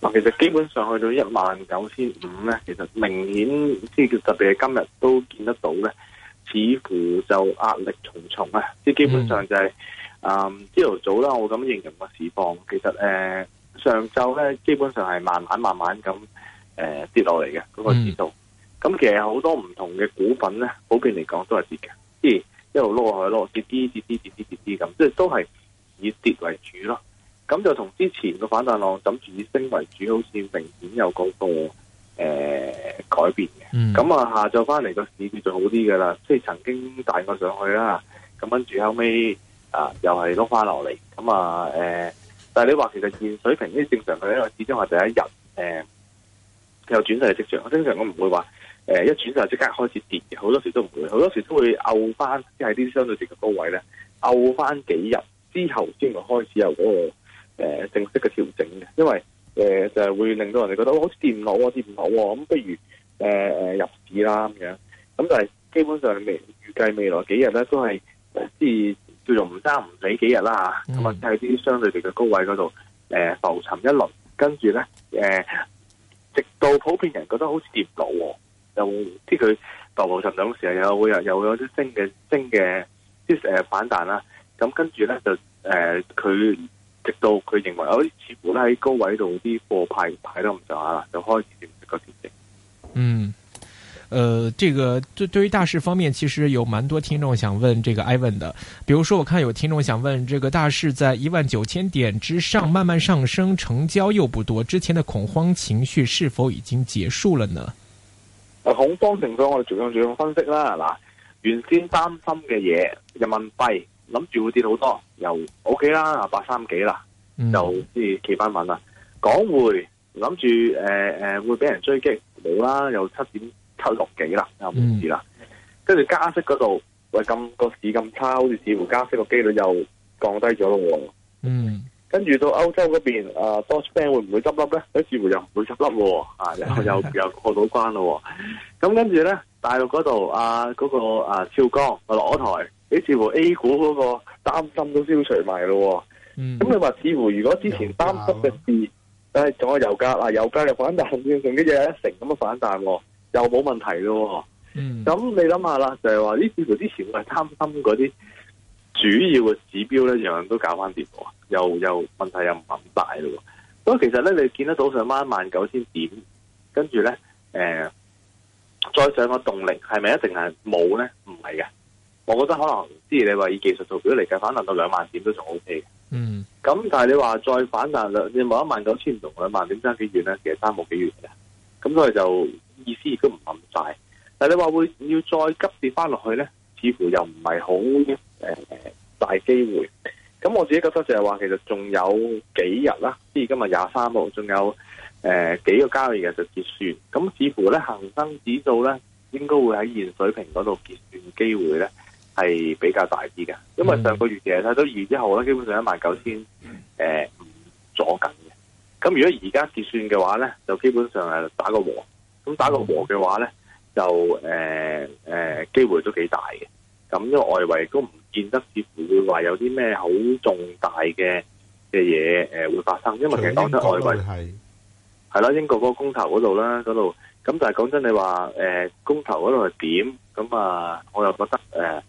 嗱，其實基本上去到一萬九千五咧，其實明顯即係特別係今日都見得到咧，似乎就壓力重重啊！即係基本上就係，嗯，朝頭早啦，我咁形容個市況，其實誒上晝咧基本上係慢慢慢慢咁誒跌落嚟嘅嗰個指數，咁其實好多唔同嘅股份咧，普遍嚟講都係跌嘅，即係一路攞落去落跌跌跌跌跌跌啲咁，即係都係以跌為主咯。咁就同之前個反彈浪，諗住以升為主，好似明顯有嗰個誒改變嘅。咁啊、嗯，下晝返嚟個市叫做好啲㗎啦，即係曾經帶過上去啦，咁跟住後尾啊、呃，又係落返落嚟。咁啊誒，但係你話其實現水平呢，正常嘅，因為始終話第一日誒有轉勢嘅跡象，正常我唔會話、呃、一轉就即刻開始跌，好多時都唔會，好多時都會漚返，即係啲相對性嘅高位呢，漚返幾日之後先嚟開始有嗰、那個。誒、呃，正式嘅調整嘅，因為誒、呃、就係、是、會令到人哋覺得好似跌唔落喎，跌唔落喎，咁不如誒誒、呃、入市啦咁樣。咁就係基本上未預計未來幾日咧，都係即係叫做唔爭唔死幾日啦嚇。咁啊、嗯，喺啲相對嘅高位嗰度誒浮沉一輪，跟住咧誒，直到普遍人覺得好似跌唔落喎，又即係佢浮浮沉沉嘅時候又，又會有又有啲升嘅升嘅即係反彈啦。咁、啊、跟住咧就誒佢。呃到佢認為，好似似乎咧喺高位度啲貨派派得咁上下啦，就開始跌個跌勢。嗯，呃，這個對對於大市方面，其實有蠻多聽眾想問這個 Ivan 的，比如說，我看有聽眾想問，這個大市在一萬九千點之上慢慢上升，成交又不多，之前的恐慌情緒是否已經結束了呢？恐慌情緒我哋逐樣逐樣分析啦，嗱，原先擔心嘅嘢人民幣。諗住會跌好多，又 O、OK、K 啦，啊八三幾啦，嗯、就即係企翻穩啦。港匯諗住誒誒，會俾人追擊冇啦，又七點七六幾啦，又唔知啦。跟住、嗯、加息嗰度，喂咁個市咁差，好似似乎加息個幾率又降低咗咯。嗯，跟住到歐洲嗰邊 Bosch Bank 會唔會執笠咧？好似乎又唔會執笠喎，啊，然又又過到關咯。咁跟住咧，大陸嗰度啊，嗰個啊，趙剛又落台。你似乎 A 股嗰個擔心都消除埋咯，哦，咁、嗯、你話似乎如果之前擔心嘅事，誒，仲有油價啊，油價又反彈，仲有成一成咁樣反彈，又冇問題咯，哦。咁、嗯、你諗下啦，就係話呢，似乎之前我係擔心嗰啲主要嘅指標咧，樣樣都搞翻跌咗，又又問題又唔係咁大咯。咁啊，其實咧，你見得到上翻萬九千點，跟住咧，誒、呃，再上個動力係咪一定係冇咧？唔係嘅。我覺得可能，即係你話以技術圖表嚟計反彈到兩萬點都仲 O K 嘅。嗯。咁但係你話再反彈兩，你望一萬九千同兩萬點差幾遠咧？其實差冇幾遠嘅。咁所以就意思亦都唔咁大。但係你話會要再急跌翻落去咧，似乎又唔係好誒大機會。咁我自己覺得就係話，其實仲有幾日啦，即係今日廿三號，仲有誒、呃、幾個交易日就結算。咁似乎咧恒生指數咧，應該會喺現水平嗰度結算機會咧。係比較大啲嘅，因為上個月其實睇到二之後咧，基本上一萬九千，誒、呃，阻緊嘅。咁如果而家結算嘅話咧，就基本上係打個和。咁打個和嘅話咧，嗯、就誒誒，機、呃呃、會都幾大嘅。咁因為外圍都唔見得，似乎會話有啲咩好重大嘅嘅嘢誒會發生。因為其實講真，外圍係係啦，英國嗰個公投嗰度啦，嗰度咁但係講真，你話誒公投嗰度係點？咁啊，我又覺得誒。呃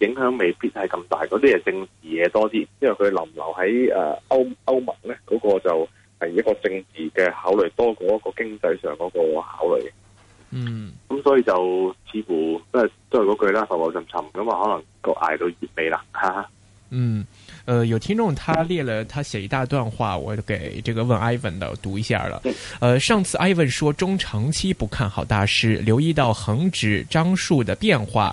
影響未必係咁大，嗰啲係政治嘢多啲，因為佢留唔留喺誒、呃、歐歐盟咧，嗰、那個就係一個政治嘅考慮多過一個經濟上嗰個考慮。嗯，咁、嗯、所以就似乎都係都係嗰句啦，浮浮沉沉咁啊，可能個挨到結尾啦哈哈嗯，誒、呃，有聽眾他列了，他寫一大段話，我給這個問 Ivan 的讀一下啦。誒、嗯呃，上次 Ivan 說中長期不看好大市，留意到恒指張數的變化。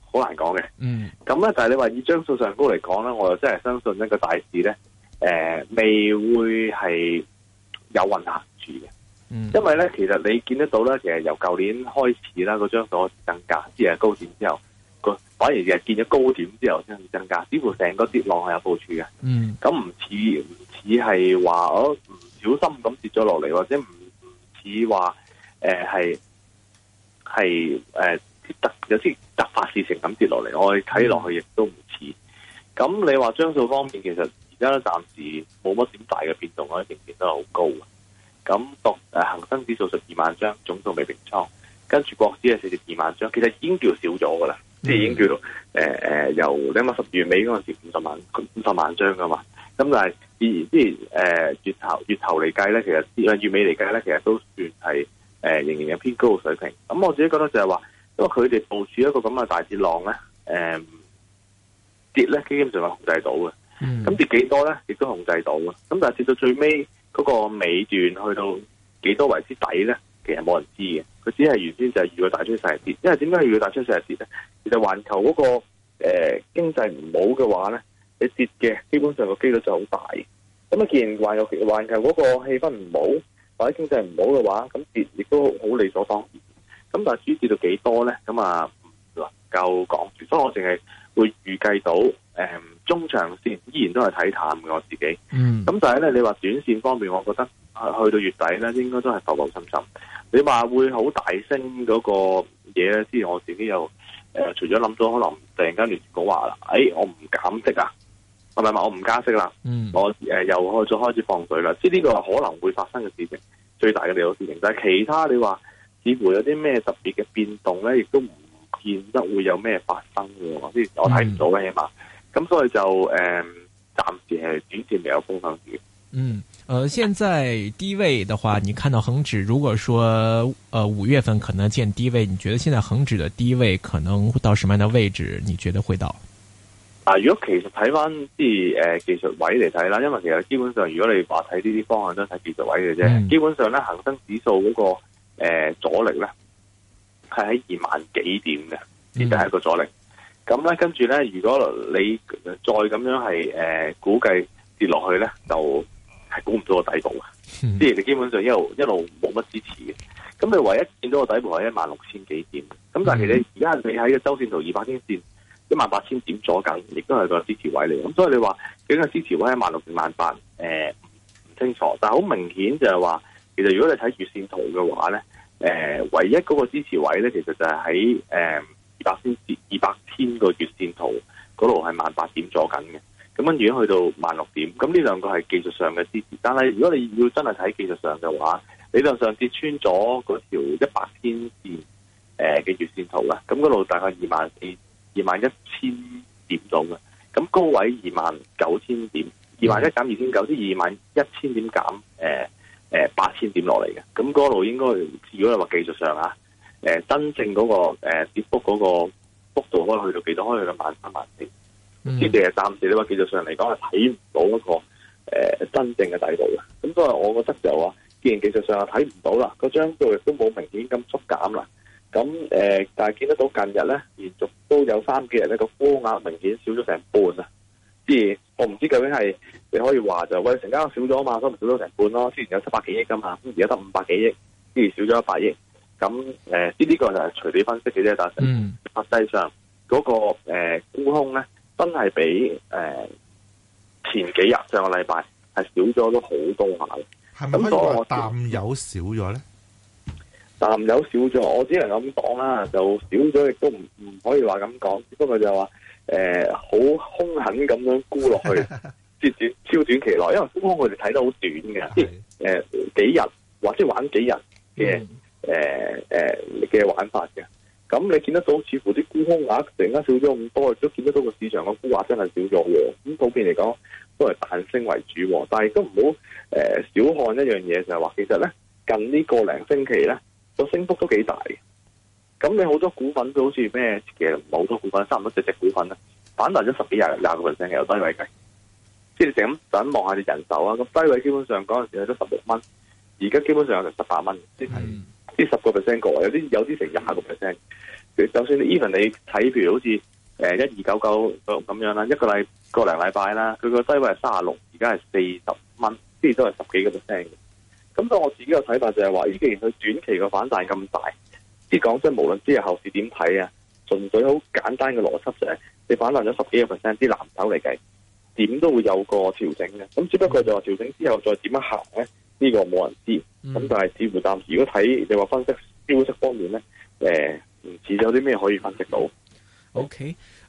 好難講嘅，咁咧、嗯，但係你話以張數上高嚟講咧，我又真係相信呢個大市咧，誒、呃，未會係有運行住嘅，嗯、因為咧，其實你見得到咧，其實由舊年開始啦，個張數增加，即係高點之後，個反而係見咗高點之後先增加，似乎成個跌浪係有部署嘅，咁唔似唔似係話我唔小心咁跌咗落嚟，或者唔似話誒係係誒跌得。呃有啲突發事情咁跌落嚟，我哋睇落去亦都唔似。咁你話張數方面，其實而家暫時冇乜點大嘅變動啊，仍然都係好高啊。咁獨誒恆生指數十二萬張，總數未平倉，跟住國指係四十二萬張，其實已經叫少咗噶啦。即係、嗯、已經叫做誒誒由你諗下，十月尾嗰陣時五十萬五十萬張噶嘛。咁但係自然之前誒月頭月頭嚟計咧，其實、呃、月尾嚟計咧，其實都算係誒、呃、仍然有偏高嘅水平。咁我自己覺得就係話。因為佢哋部署一個咁嘅大跌浪咧，誒、嗯，跌咧基本上係控制到嘅，咁、嗯、跌幾多咧，亦都控制到嘅。咁但係跌到最尾嗰個尾段，去到幾多為之底咧，其實冇人知嘅。佢只係原先就係預咗大出成日跌，因為點解預咗大出成日跌咧？其實環球嗰、那個誒、呃、經濟唔好嘅話咧，你跌嘅基本上個機率就好大嘅。咁啊，既然環球環球嗰個氣氛唔好，或者經濟唔好嘅話，咁跌亦都好理所當然。咁但係跌到幾多咧，咁啊唔能夠講住，所以我淨係會預計到誒、嗯、中長線依然都係睇淡嘅我自己。嗯，咁但係咧，你話短線方面，我覺得去到月底咧，應該都係浮浮沉沉。你話會好大升嗰個嘢咧，雖然我自己又、呃、除咗諗咗可能突然間聯儲局話啦，誒、哎、我唔減息啊，係咪我唔加息啦。嗯，我誒、呃、又開始開始放水啦，即呢個可能會發生嘅事情，嗯、最大嘅利好事情。但係其他你話。似乎有啲咩特別嘅變動咧，亦都唔見得會有咩發生嘅。呢我睇唔到嘅，起碼。咁所以就誒、暫時係短線未有方向。嗯，誒、嗯、呃，現在低位嘅話，你看到恒指，如果說誒五、呃、月份可能見低位，你覺得現在恒指嘅低位可能到什麼樣嘅位置？你覺得會到？啊，如果其實睇翻啲誒技術位嚟睇啦，因為其實基本上如果你話睇呢啲方向都睇技術位嘅啫，嗯、基本上咧恒生指數嗰、那個。誒、呃，阻力咧係喺二萬幾點嘅，呢啲係一個阻力。咁咧跟住咧，如果你再咁樣係誒、呃、估計跌落去咧，就係估唔到個底部啊！即係、嗯、你基本上一路一路冇乜支持嘅。咁你唯一見到個底部係一萬六千幾點。咁但係其實而家你喺個周線圖二百天線一萬八千點左近，亦都係個支持位嚟。咁所以你話點解個支持位喺萬六定萬八？誒、呃，唔清楚。但係好明顯就係話，其實如果你睇住線圖嘅話咧。誒、呃、唯一嗰個支持位咧，其實就係喺誒二百天線二百天個月線圖嗰度係萬八點坐緊嘅，咁如果去到萬六點，咁呢兩個係技術上嘅支持。但係如果你要真係睇技術上嘅話，你就上次穿咗嗰條一百天線誒嘅月線圖啦，咁嗰度大概二萬二萬一千點度嘅，咁高位二萬九千點，二萬一減二千九，2.9，即二萬一千點減誒。呃誒、呃，八千點落嚟嘅，咁嗰度應該，如果你話技術上啊，誒、呃，真正嗰、那個誒跌幅嗰個幅度，可能去到幾多，可以去到萬三萬四，即係暫時你話技術上嚟講係睇唔到嗰個誒真正嘅底度嘅。咁所以我覺得就話，既然技術上又睇唔到啦，嗰張圖亦都冇明顯咁縮減啦，咁誒、呃，但係見得到近日咧，連續都有三幾日呢個沽額明顯少咗成半啊。我唔知究竟係，你可以話就喂成交少咗嘛，咁咪少咗成半咯。之前有七百幾億噶嘛，而家得五百幾億，自然少咗一百億。咁誒，呢、呃、啲、這個就係隨你分析嘅啫，但係、嗯、實際上嗰、那個誒、呃、沽空咧，真係比誒、呃、前幾日上個禮拜係少咗都好多下嘅。係咪因為淡有少咗咧？淡有少咗，我只能咁講啦，就少咗亦都唔唔可以話咁講，只不過就話。誒，好、呃、凶狠咁樣沽落去，短 超短期內，因為沽空我哋睇得好短嘅，即係誒幾日，或者玩幾日嘅，誒誒嘅玩法嘅。咁你見得到，似乎啲沽空額突然間少咗咁多，都見得到個市場嘅沽壓真係少咗。咁普遍嚟講，都係彈升為主，但係都唔好誒小看一樣嘢，就係話其實咧近呢個零星期咧，個升幅都幾大。咁你好多股份都好似咩？其實好多股份，差唔多隻只股份啦。反彈咗十幾廿廿個 percent 嘅，由低位計，即係成咁等望下你看看人手啊。咁低位基本上嗰陣時係都十六蚊，而家基本上有成十八蚊，即係即十個 percent 個，有啲有啲成廿六 percent。就算你 even 你睇，譬如好似誒一二九九咁樣啦，一個禮個零禮拜啦，佢個低位係卅六，而家係四十蚊，即係都係十幾個 percent 嘅。咁但我自己嘅睇法就係話，咦，既然佢短期個反彈咁大。啲講即係無論之後後市點睇啊，純粹好簡單嘅邏輯就係，你反彈咗十幾個 percent，啲藍籌嚟計，點都會有個調整嘅。咁只不過就話調整之後再點樣行咧，呢個冇人知。咁但係似乎暫時如果睇你話分析消息方面咧，誒唔似有啲咩可以分析到。OK。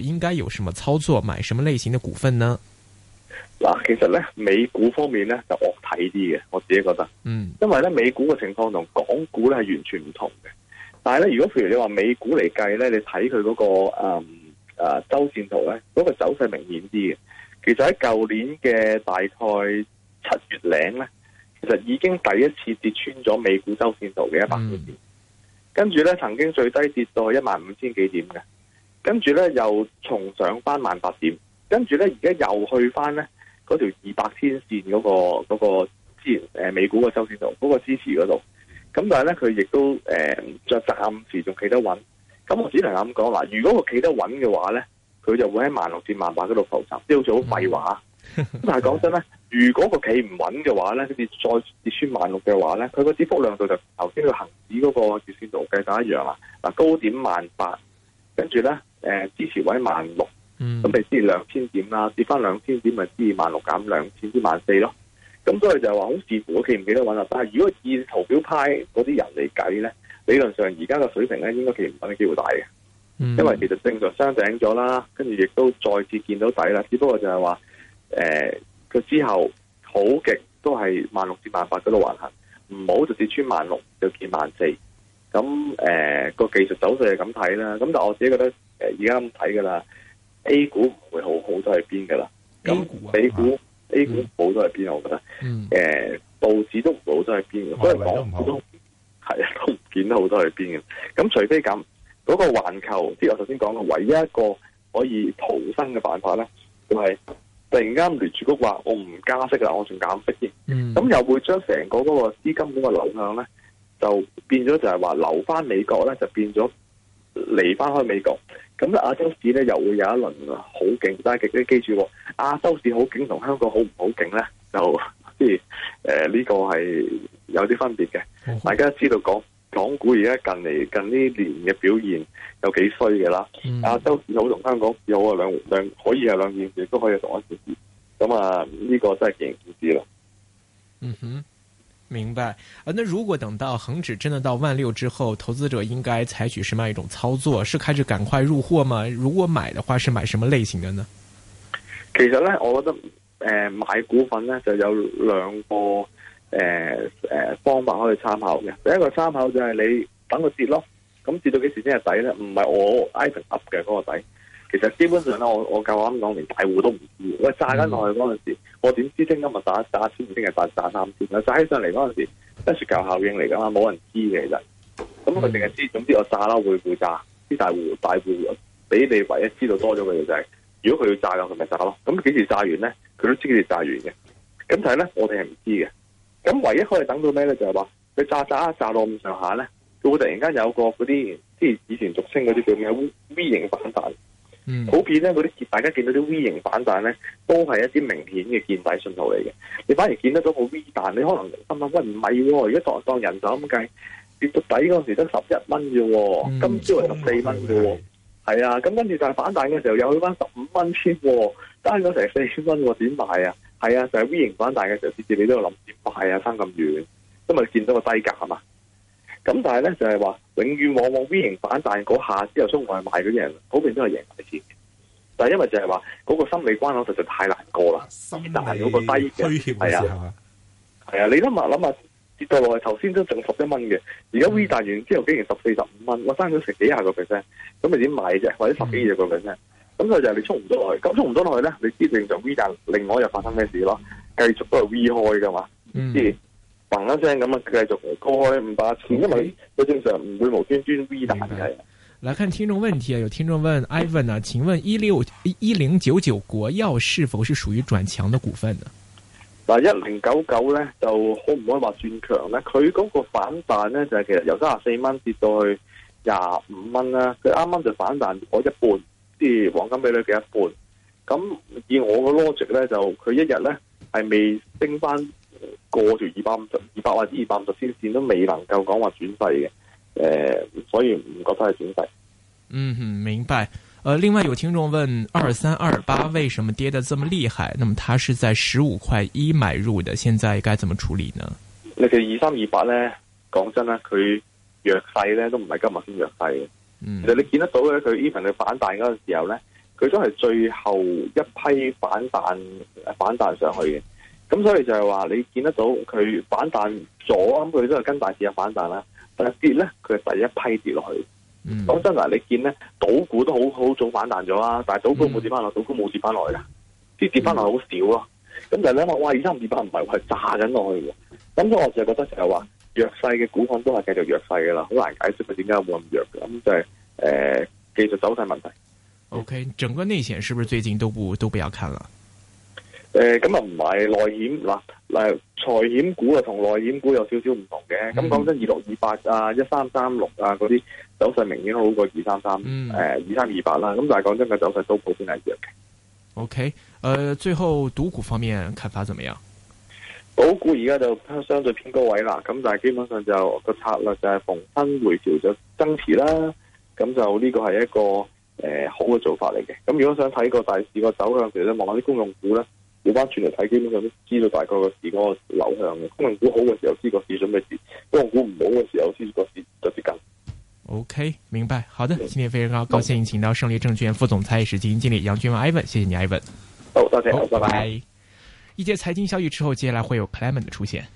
應該有什麼操作買什麼類型的股份呢？嗱，其實咧美股方面咧就惡睇啲嘅，我自己覺得，嗯，因為咧美股嘅情況同港股咧係完全唔同嘅。但係咧，如果譬如你話美股嚟計咧，你睇佢嗰個誒誒、嗯啊、周線圖咧，嗰、那個走勢明顯啲嘅。其實喺舊年嘅大概七月零咧，其實已經第一次跌穿咗美股周線圖嘅一百點，嗯、跟住咧曾經最低跌到去一萬五千幾點嘅。跟住咧又重上翻萬八點，跟住咧而家又去翻咧嗰條二百天線嗰、那個支誒、那個呃、美股嘅周線圖嗰、那個支持嗰度，咁但係咧佢亦都着在暫時仲企得穩，咁我只能咁講嗱。如果佢企得穩嘅話咧，佢就會喺萬六至萬八嗰度浮沉，即係好似好廢話。 但係講真咧，如果佢企唔穩嘅話咧，佢住再跌穿萬六嘅話咧，佢個跌幅量度就頭先個恆指嗰個周線圖計算一樣啊。嗱，高點萬八，跟住咧。誒、呃、支持位萬六、嗯，咁你支兩千點啦，跌翻兩千點咪支二萬六減兩千至萬四咯。咁所以就係話好似市股企唔企得穩啦。但係如果以圖表派嗰啲人嚟計咧，理論上而家嘅水平咧應該企唔穩嘅機會大嘅，因為其實證實雙頂咗啦，跟住亦都再次見到底啦。只不過就係話誒，佢之後好極都係萬六至萬八嗰度橫行，唔好直接穿萬六就見萬四。咁誒個技術走勢係咁睇啦。咁但我自己覺得。誒，而家咁睇噶啦，A 股唔會好好都係邊噶啦，咁美股、啊、股 A 股好都係邊，我覺得，誒、嗯呃，報紙都唔好都係邊，嗯、所以港唔係啊，都唔見得好多係邊嘅。咁除非咁，嗰、那個環球，即係我頭先講嘅唯一一個可以逃生嘅辦法咧，就係、是、突然間聯儲局話我唔加息啦，我仲減息添，咁、嗯、又會將成個嗰個資金嗰個流向咧，就變咗就係話留翻美國咧，就變咗離翻開美國。咁咧，亞洲市咧又會有一輪好勁，但係，記記住亞洲市好勁同香港好唔好勁咧，就即係呢個係有啲分別嘅。嗯、哼大家知道港港股而家近嚟近呢年嘅表現有幾衰嘅啦，亞洲市好同香港市好啊，兩,兩可以係兩件事，都可以係同一件事。咁啊，呢個真係見仁見智啦。嗯哼。明白，啊，那如果等到恒指真的到萬六之後，投資者應該採取什麼樣一種操作？是開始趕快入貨嗎？如果買的話，是買什麼類型的呢？其實呢，我覺得誒、呃，買股份呢就有兩個誒誒、呃呃、方法可以參考嘅。第一個參考就係你等佢跌咯，咁跌到幾時先係底呢？唔係我 even up 嘅嗰、那個底。其實基本上咧，我我夠啱講，連大戶都唔知道。喂，炸緊落去嗰陣時，我點知聽今日打打千，聽日打炸三千？炸起上嚟嗰陣時，即係雪球效應嚟噶嘛，冇人知嘅其實。咁佢淨係知，總之我炸啦會會炸。啲大戶大戶，比你唯一知道多咗嘅嘢就係、是，如果佢要炸嘅，佢咪炸咯。咁幾時炸完咧？佢都知幾時炸完嘅。咁但係咧，我哋係唔知嘅。咁唯一可以等到咩咧？就係話佢炸炸炸到咁上下咧，佢會突然間有個嗰啲，即係以前俗稱嗰啲叫咩 V 型反彈。嗯、普遍咧，嗰啲大家見到啲 V 型反彈咧，都係一啲明顯嘅見底信號嚟嘅。你反而見得到個 V 彈，但你可能心諗、啊，喂唔係喎，如果當當人手咁計，跌到底嗰時得十一蚊嘅喎，嗯、今朝係十四蚊嘅喎，係啊、嗯，咁跟住就係反彈嘅時候又去翻十五蚊先，差咗成四蚊喎，點買啊？係啊，就係、是、V 型反彈嘅時候，甚至你都要諗點買啊，差咁遠，因為見到個低價啊嘛。咁但係咧就係話。永遠往往 V 型反彈嗰下之後衝上去買嗰啲人，嗰邊都係贏鬼錢。但係因為就係話嗰個心理關口實在太難過啦。V 心理 彈嗰個低嘅，係啊，係啊。你諗下諗下，跌到落去頭先都剩十一蚊嘅，而家 V 彈完之後竟然14十四十五蚊，我賺咗成幾廿個 percent，咁咪點買啫？或者十幾二個 percent，咁佢就係你衝唔到落去。咁衝唔到落去咧，你知正常 V 彈另外又發生咩事咯？繼續都係 V 開噶嘛，即、嗯嘣一聲咁啊，繼續沽五百錢，因為佢正常唔會無端端 V 彈嘅。來看聽眾問題啊，有聽眾問 Ivan 啊，請問一六一零九九國藥是否是屬於轉強嘅股份呢？嗱，一零九九咧就可唔可以話轉強咧？佢嗰個反彈咧就係、是、其實由三十四蚊跌到去廿五蚊啦，佢啱啱就反彈咗一半，即係黃金比率嘅一半。咁以我嘅 logic 咧，就佢一日咧係未升翻。過住二百五十、二百或者二百五十天線都未能夠講話轉勢嘅，誒，所以唔覺得係轉勢。嗯，明白。誒，另外有聽眾問，二三二八為什麼跌得這麼厲害？那麼它是在十五塊一買入嘅。現在該怎麼處理呢？其實二三二八咧，講真啦，佢弱勢咧都唔係今日先弱勢嘅。嗯，其實你見得到咧，佢 even 佢反彈嗰個時候咧，佢都係最後一批反彈反彈上去嘅。咁所以就係話你見得到佢反彈咗，咁佢都係跟大市有反彈啦。但係跌咧，佢係第一批跌落去。咁、嗯、真嗱，你見咧，賭股都好好早反彈咗啦，但係賭股冇跌翻落，賭、嗯、股冇跌翻落去噶，即跌翻落好少咯、啊。咁但係你話，哇，而家唔跌翻唔係，我係揸緊落去。咁所以我就覺得就係話弱勢嘅股份都係繼續弱勢噶啦，好難解釋佢點解會咁弱。咁就係、是、誒、呃、技術走勢問題。O、okay, K，整個內險是不是最近都不都不要看啦誒，咁啊唔係內險嗱，嗱財險股啊同內險股有少少唔同嘅。咁講、嗯、真，二六二八啊，一三三六啊嗰啲走勢明顯好過二三三，誒二三二八啦。咁但係講真嘅走勢都普遍係弱嘅。O K，誒，最後賭股方面看法怎麼樣？賭股而家就相對偏高位啦，咁但係基本上就個策略就係逢新回調就增持啦。咁就呢個係一個誒、呃、好嘅做法嚟嘅。咁如果想睇個大市個走向，其實望下啲公用股啦。扭翻轉嚟睇，基本上都知道大概個市嗰個流向嘅。公用股好嘅時候，知個市做咩事；公用股唔好嘅時候，先個市就跌緊。O、okay, K，明白，好的。今天非常高，Okay. 高興，請到勝利證券副總裁、也是基金經理楊俊文 Ivan，謝謝你 Ivan。好、oh, thank oh,，多謝，拜拜。一節財經消息之後，接下來會有 Clayman 的出現。